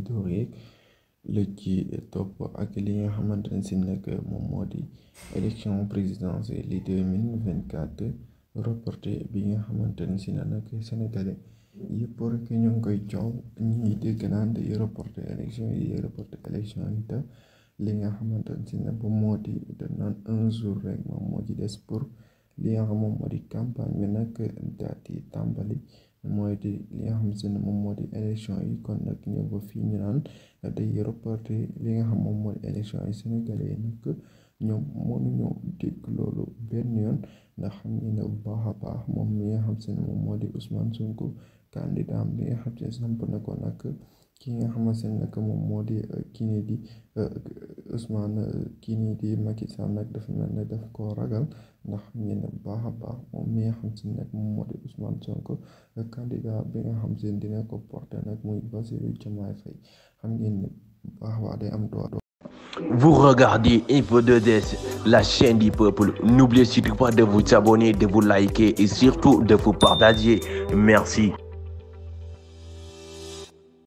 vidéo yeeg lëj ci topp ak li nga xamante ne si nekk moom moo di élection présidentielle yi 2024 reporté bi nga xamante ne si na nag sénégalais yëpp rek ñu ngi koy coow ñu ngi dégg naan di reporté élection yi yi te li nga xamante ne si ne bu moo di da un jour rek moom moo ci des pour li nga xam moom moo di campagne bi nag daal tàmbali mooy di li nga xam si ne moom moo di élection yi kon nag ñëw ba fii ñu naan day reporté li nga xam moom moo di élection yi Sénégalais yi nag ñoom mënuñoo dégg loolu benn yoon ndax xam ne bu baax a baax moom mi nga xam si ne moom moo di Ousmane Sonko candidat bi nga xam si samp na ko nag ki nga xam ne nag moom moo di kii di. Ousmane euh, kii di Macky Sall nag dafa mel ne daf koo ragal ndax ñeen baax a baax moom mi nga xam si nag moom moo di Ousmane Sonko euh, candidat bi nga xam si dina ko porter nak muy Bassirou Diomaye Faye xam ngeen ne baax waa day am doole. Vous regardez Info 2S, la chaîne du peuple. N'oubliez surtout pas de vous abonner, de vous liker et surtout de vous partager. Merci.